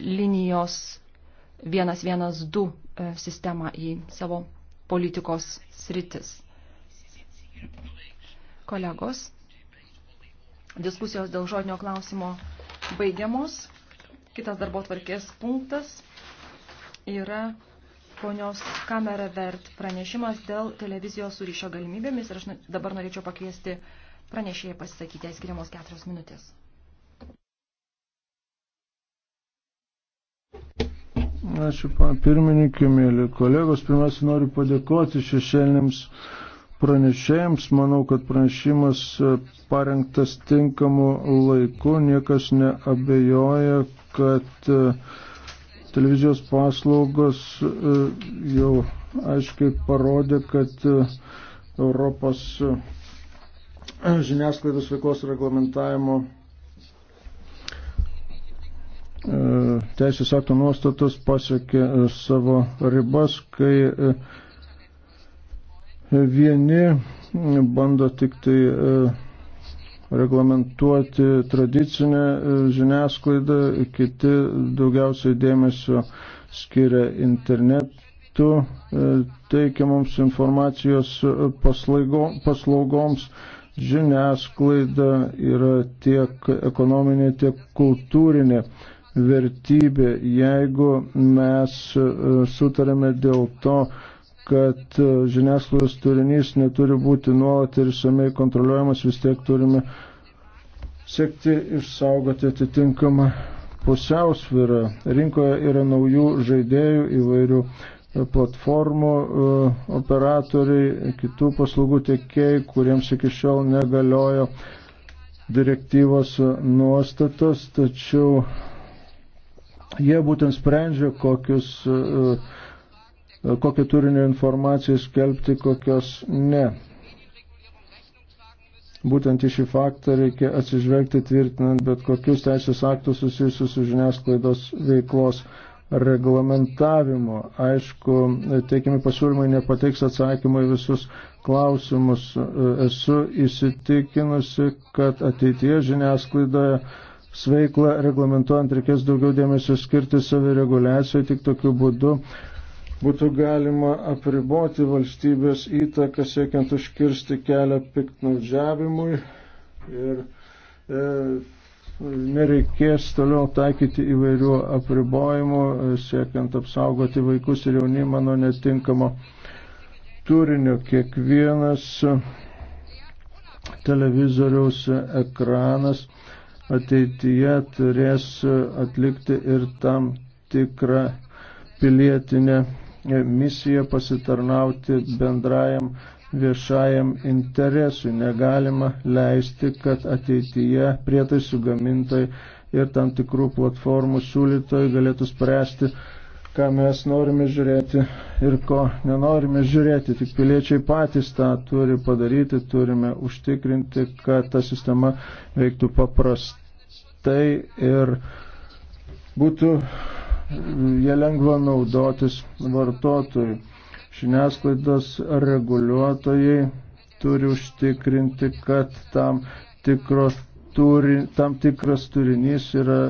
linijos 112 e, sistemą į savo politikos sritis. Kolegos, diskusijos dėl žodinio klausimo baigiamos. Kitas darbo tvarkės punktas yra ponios kamera vert pranešimas dėl televizijos su ryšio galimybėmis ir aš dabar norėčiau pakviesti pranešėją pasisakyti, skiriamos keturios minutės. Ačiū, pan pirmininkė, mėly kolegos. Pirmiausia, noriu padėkoti šešėlėms pranešėjams. Manau, kad pranešimas e, parengtas tinkamu laiku. Niekas neabejoja, kad e, televizijos paslaugos e, jau aiškiai parodė, kad Europos žiniasklaidos veiklos reglamentavimo teisės aktų nuostatos pasiekė e, savo ribas, kai e, vieni bando tik tai e, reglamentuoti tradicinę žiniasklaidą, kiti daugiausiai dėmesio skiria internetu teikiamoms informacijos paslaigo, paslaugoms. Žiniasklaida yra tiek ekonominė, tiek kultūrinė vertybė. Jeigu mes e, sutarėme dėl to, kad e, žiniasklaidos turinys neturi būti nuolat ir išsamei kontroliuojamas, vis tiek turime siekti išsaugoti atitinkamą pusiausvyrą. Rinkoje yra naujų žaidėjų įvairių e, platformų operatoriai, kitų paslaugų tiekėjai, kuriems iki šiol negaliojo direktyvos nuostatos, tačiau Jie būtent sprendžia, kokius, e, e, kokio turinio informaciją skelbti, kokios ne. Būtent į šį faktą reikia atsižvelgti tvirtinant bet kokius teisės aktus susijusius su žiniasklaidos veiklos reglamentavimo. Aišku, teikiami pasiūlymai nepateiks atsakymą į visus klausimus. E, esu įsitikinusi, kad ateitie žiniasklaidoje sveiklą reglamentuojant reikės daugiau dėmesio skirti savireguliacijoje, tik tokiu būdu būtų galima apriboti valstybės įtaką siekiant užkirsti kelią piktnaudžiavimui ir e, nereikės toliau taikyti įvairių apribojimų e, siekiant apsaugoti vaikus ir jaunimą nuo netinkamo turinio. Kiekvienas televizoriaus ekranas ateityje turės atlikti ir tam tikrą pilietinę misiją pasitarnauti bendrajam viešajam interesui. Negalima leisti, kad ateityje prietaisų gamintojai ir tam tikrų platformų siūlytojai galėtų spręsti ką mes norime žiūrėti ir ko nenorime žiūrėti. Tik piliečiai patys tą turi padaryti, turime užtikrinti, kad ta sistema veiktų paprastai ir būtų jie lengva naudotis vartotojui. Žiniasklaidos reguliuotojai turi užtikrinti, kad tam, tikros, turi, tam tikras turinys yra,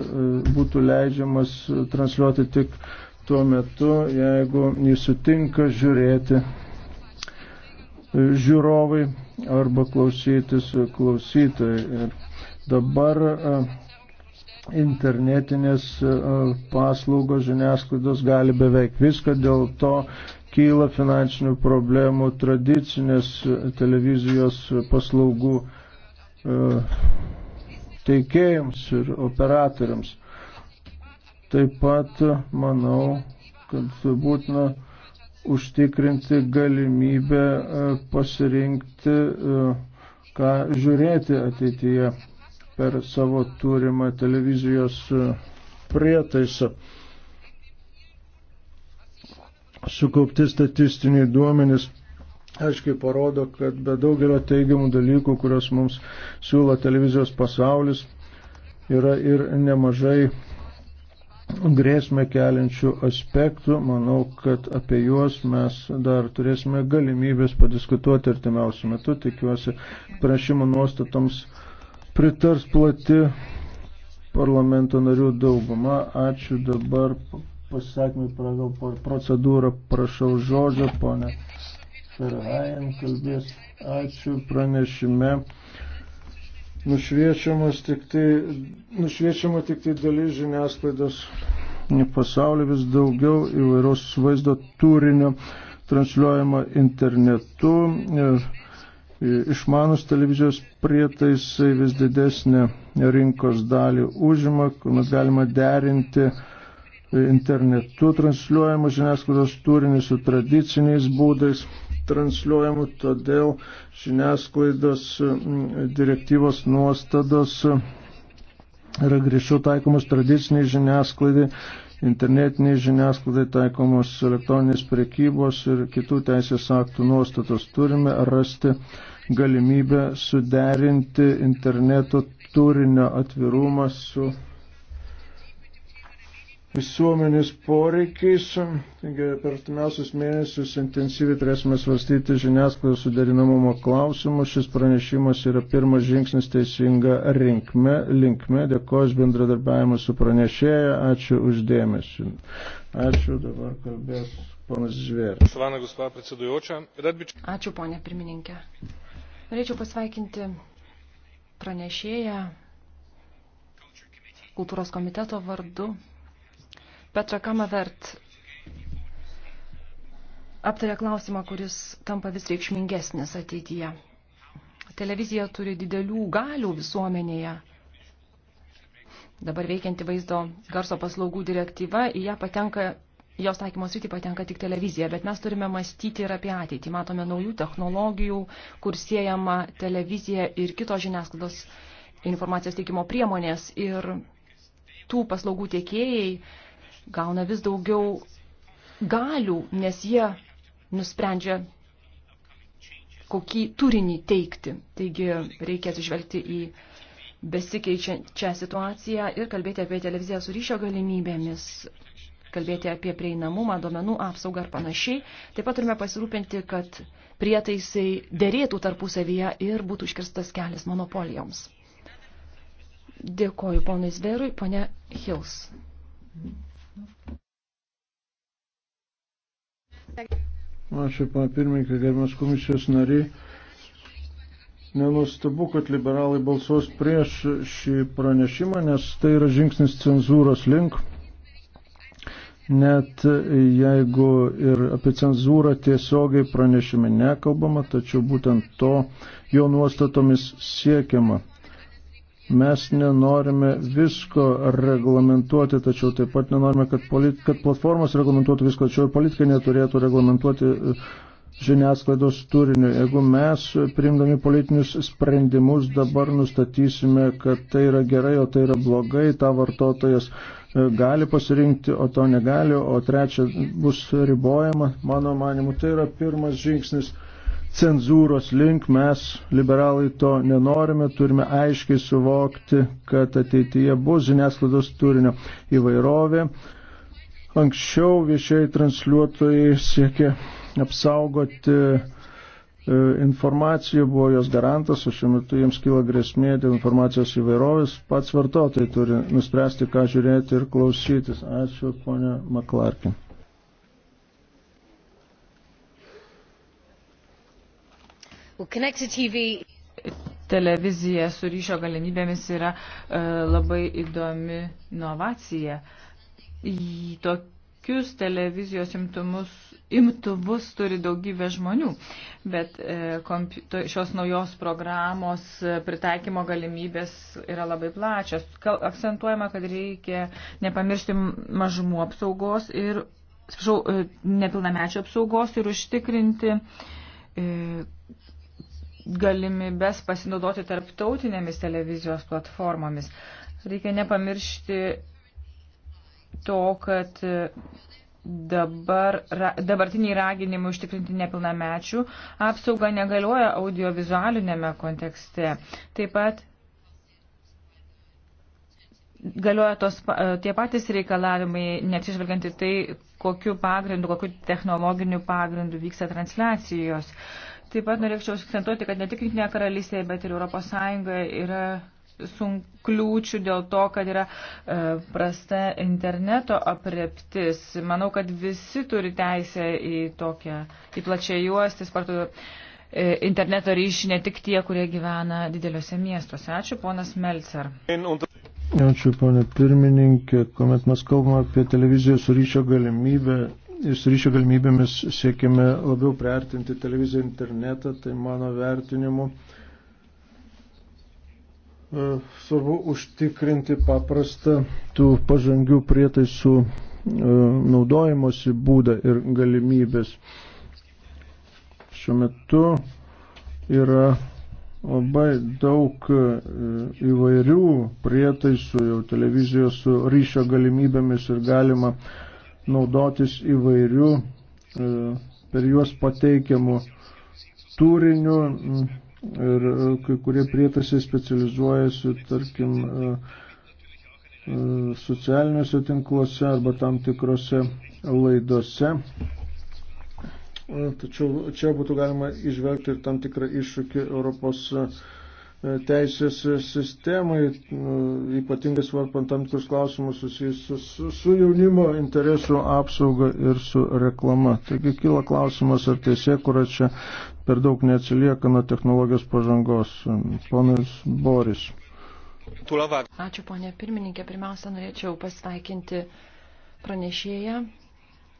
būtų leidžiamas transliuoti tik tuo metu, jeigu jis sutinka žiūrėti e, žiūrovai arba klausytis klausytojai. Ir dabar e, internetinės e, paslaugos žiniasklaidos gali beveik viską, dėl to kyla finansinių problemų tradicinės televizijos paslaugų teikėjams ir operatoriams. Taip pat manau, kad būtina užtikrinti galimybę e, pasirinkti, e, ką žiūrėti ateityje per savo turimą televizijos e, prietaisą. Sukaupti statistiniai duomenys aiškiai parodo, kad be daugelio teigiamų dalykų, kurios mums siūlo televizijos pasaulis, yra ir nemažai grėsmę keliančių aspektų. Manau, kad apie juos mes dar turėsime galimybės padiskutuoti artimiausiu metu. Tikiuosi, prašymo nuostatoms pritars plati parlamento narių dauguma. Ačiū dabar pasisakymai pagal procedūrą. Prašau žodžio, ponė Ferhajan kalbės. Ačiū pranešime nušviečiamas tik tai, nušviečiama tik tai dalis žiniasklaidos pasaulyje vis daugiau įvairaus vaizdo turinio transliuojama internetu. Ir išmanus televizijos prietaisai vis didesnę rinkos dalį užima, kuomet galima derinti internetu transliuojamą žiniasklaidos turinį su tradiciniais būdais transliuojamų, todėl žiniasklaidos direktyvos nuostados yra grįžčiau taikomos tradiciniai žiniasklaidai, internetiniai žiniasklaidai taikomos elektroninės prekybos ir kitų teisės aktų nuostatos. Turime rasti galimybę suderinti interneto turinio atvirumą su visuomenės poreikiais. Taigi per artimiausius mėnesius intensyviai turėsime svarstyti žiniasklaidos suderinamumo klausimus. Šis pranešimas yra pirmas žingsnis teisinga rinkme, linkme. Dėkoju už bendradarbiavimą su pranešėja. Ačiū uždėmesi. Ačiū, dabar kalbės ponas Žvėris. Ačiū, ponė pirmininkė. Norėčiau pasveikinti pranešėją kultūros komiteto vardu Petra Kamavert aptarė klausimą, kuris tampa vis reikšmingesnis ateityje. Televizija turi didelių galių visuomenėje. Dabar veikianti vaizdo garso paslaugų direktyva, į ją patenka, jos taikymo sritį patenka tik televizija, bet mes turime mąstyti ir apie ateitį. Matome naujų technologijų, kur siejama televizija ir kitos žiniasklaidos informacijos teikimo priemonės. Ir tų paslaugų tiekėjai gauna vis daugiau galių, nes jie nusprendžia, kokį turinį teikti. Taigi reikia atsižvelgti į besikeičiančią situaciją ir kalbėti apie televiziją su ryšio galimybėmis, kalbėti apie prieinamumą, duomenų apsaugą ir panašiai. Taip pat turime pasirūpinti, kad prietaisai dėrėtų tarpusavyje ir būtų iškirstas kelias monopolijoms. Dėkoju ponui Zverui, ponė Hills. Mm -hmm. Ačiū, pana pirmininkai, gerbiamas komisijos nariai. Nenustabu, kad liberalai balsuos prieš šį pranešimą, nes tai yra žingsnis cenzūros link. Net jeigu ir apie cenzūrą tiesiogiai pranešime nekalbama, tačiau būtent to jo nuostatomis siekiama. Mes nenorime visko reglamentuoti, tačiau taip pat nenorime, kad, polit, kad platformos reglamentuotų visko, tačiau ir politikai neturėtų reglamentuoti e, žiniasklaidos turiniu. Jeigu mes, e, priimdami politinius sprendimus, dabar nustatysime, kad tai yra gerai, o tai yra blogai, tą vartotojas e, gali pasirinkti, o to negali, o trečia bus ribojama, mano manimu, tai yra pirmas žingsnis cenzūros link, mes liberalai to nenorime, turime aiškiai suvokti, kad ateityje bus žiniasklaidos turinio įvairovė. Anksčiau viešieji transliuotojai siekė apsaugoti e, informacija buvo jos garantas, o šiuo metu jiems kyla grėsmė dėl informacijos įvairovės, pats vartotojai turi nuspręsti, ką žiūrėti ir klausytis. Ačiū, ponia Maklarkin. Televizija su ryšio galimybėmis yra e, labai įdomi inovacija. Tokius televizijos imtumus, imtuvus turi daugybė žmonių, bet e, kompiuto, šios naujos programos e, pritaikymo galimybės yra labai plačios. Kal, akcentuojama, kad reikia nepamiršti mažumų apsaugos ir atsiprašau, e, nepilnamečio apsaugos ir užtikrinti e, galimybės pasinaudoti tarptautinėmis televizijos platformomis. Reikia nepamiršti to, kad dabar, ra, dabartiniai raginimai užtikrinti nepilnamečių apsauga negalioja audiovizualinėme kontekste. Taip pat galioja tos, tie patys reikalavimai, neatsižvelgiant į tai, kokiu pagrindu, kokiu technologiniu pagrindu vyksta transliacijos. Uh, Taip pat norėčiau akcentuoti, kad ne tik Junktinė karalystė, bet ir Europos Sąjungoje yra sunkliūčių dėl to, kad yra e, prasta interneto apreptis. Manau, kad visi turi teisę į tokią, į plačią juostį, spartų e, interneto ryšį, ne tik tie, kurie gyvena dideliuose miestuose. Ačiū, ponas Melcer. Ačiū, ponė pirmininkė. Komet mes kalbame apie televizijos ryšio galimybę su ryšio galimybėmis siekime labiau priartinti televiziją internetą, tai mano vertinimu e, svarbu užtikrinti paprastą tų pažangių prietaisų e, naudojimosi būdą ir galimybės. Šiuo metu yra labai daug e, įvairių prietaisų, jau televizijos su ryšio galimybėmis ir galima uh, naudotis įvairių e, per juos pateikiamų turinių ir e, kai kurie prietaisai specializuojasi, tarkim, e, socialiniuose tinkluose arba tam tikrose laidose. Tačiau čia būtų galima išvelgti ir tam tikrą iššūkį Europos teisės sistemai, nu, ypatingai svarbant tam tikrus klausimus susijusius su, su jaunimo interesų apsauga ir su reklama. Taigi kyla klausimas, ar teisė, kuria čia per daug neatsilieka nuo technologijos pažangos. Ponas Boris. Ačiū, ponė pirmininkė. Pirmiausia, norėčiau pasveikinti pranešėją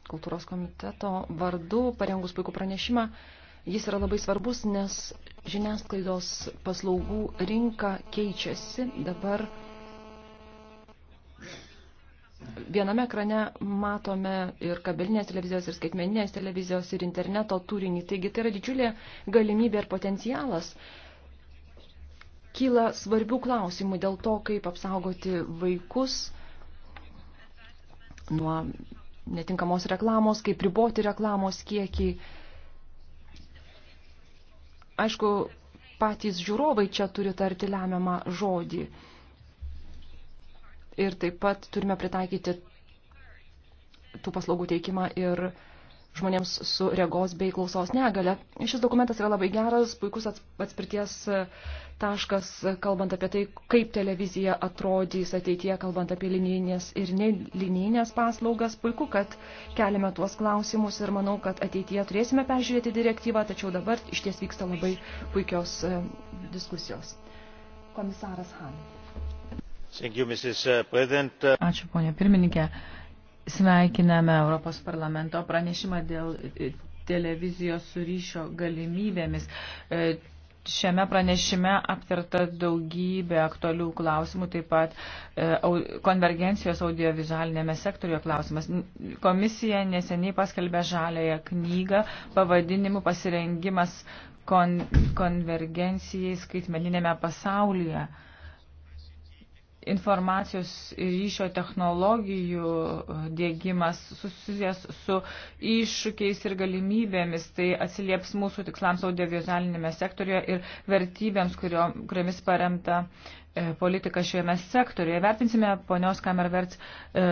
kultūros komiteto vardu, parengus puikų pranešimą. Jis yra labai svarbus, nes žiniasklaidos paslaugų rinka keičiasi. Dabar viename ekrane matome ir kabelinės televizijos, ir skaitmeninės televizijos, ir interneto turinį. Taigi tai yra didžiulė galimybė ir potencialas kyla svarbių klausimų dėl to, kaip apsaugoti vaikus nuo netinkamos reklamos, kaip riboti reklamos kiekį, Aišku, patys žiūrovai čia turi tarti lemiamą žodį. Ir taip pat turime pritaikyti tų paslaugų teikimą ir žmonėms su regos bei klausos negale. Šis dokumentas yra labai geras, puikus atspirties e, taškas, kalbant apie tai, kaip televizija atrodys ateityje, kalbant apie linijinės ir nelinijinės paslaugas. Puiku, kad keliame tuos klausimus ir manau, kad ateityje turėsime peržiūrėti direktyvą, tačiau dabar iš ties vyksta labai puikios e, diskusijos. Komisaras Han. Ačiū, ponė pirmininkė. Sveikiname Europos parlamento pranešimą dėl e, televizijos su ryšio galimybėmis. E, šiame pranešime aptarta daugybė aktualių klausimų, taip pat e, konvergencijos audiovizualinėme sektoriuje klausimas. Komisija neseniai paskelbė žalėją knygą pavadinimu pasirengimas kon konvergencijai skaitmeninėme pasaulyje informacijos ryšio technologijų dėgymas susijęs su iššūkiais ir galimybėmis. Tai atsilieps mūsų tikslams audiovizualinėme sektorijoje ir vertybėms, kurio, kuriamis paremta e, politika šiame sektoriuje. Vertinsime ponios Kamerverts e,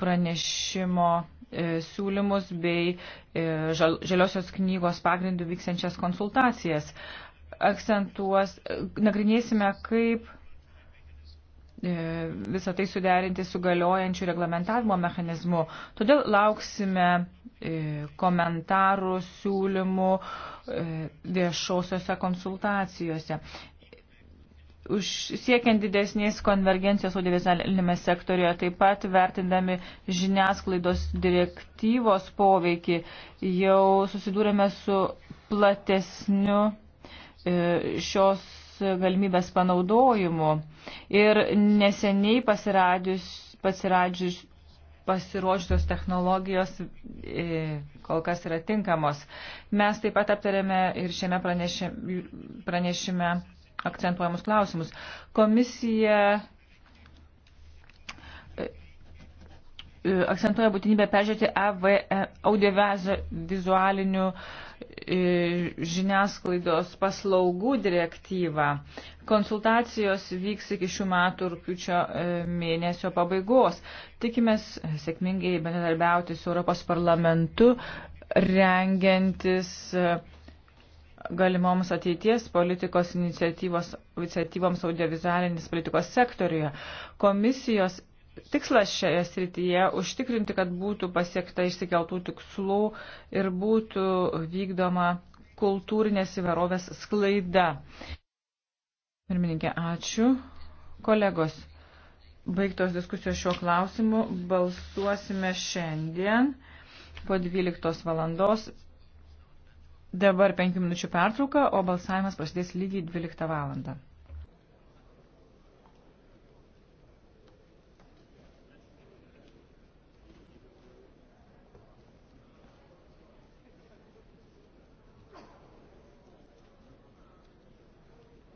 pranešimo e, siūlymus bei žaliosios knygos pagrindų vyksiančias konsultacijas. Akcentuos, nagrinėsime, kaip E, visą tai suderinti su galiojančiu reglamentavimo mechanizmu. Todėl lauksime e, komentarų, siūlymų e, viešosiuose konsultacijose. Už siekiant didesnės konvergencijos audiovizualinėme sektorijoje, taip pat vertindami žiniasklaidos direktyvos poveikį, jau susidūrėme su platesniu šios galimybės panaudojimu. Ir neseniai pasiradžius, pasiradžius, pasiruošusios technologijos e, kol kas yra tinkamos. Mes taip pat aptarėme ir šiame pranešime, pranešime akcentuojamus klausimus. Komisija E, akcentuoja būtinybę peržiūrėti AV, e, audiovizualinių e, žiniasklaidos paslaugų direktyvą. Konsultacijos vyks iki šių metų rūpiučio mėnesio pabaigos. Tikimės sėkmingai bendradarbiauti su Europos parlamentu, rengiantis galimoms ateities politikos iniciatyvoms audiovizualinis politikos sektoriuje. Komisijos Tikslas šioje srityje - užtikrinti, kad būtų pasiekta išsikeltų tikslų ir būtų vykdoma kultūrinės įvarovės sklaida. Pirmininkė, ačiū. Kolegos, baigtos diskusijos šiuo klausimu balsuosime šiandien po 12 valandos. Dabar 5 minučių pertrauka, o balsavimas prasidės lygiai 12 valandą.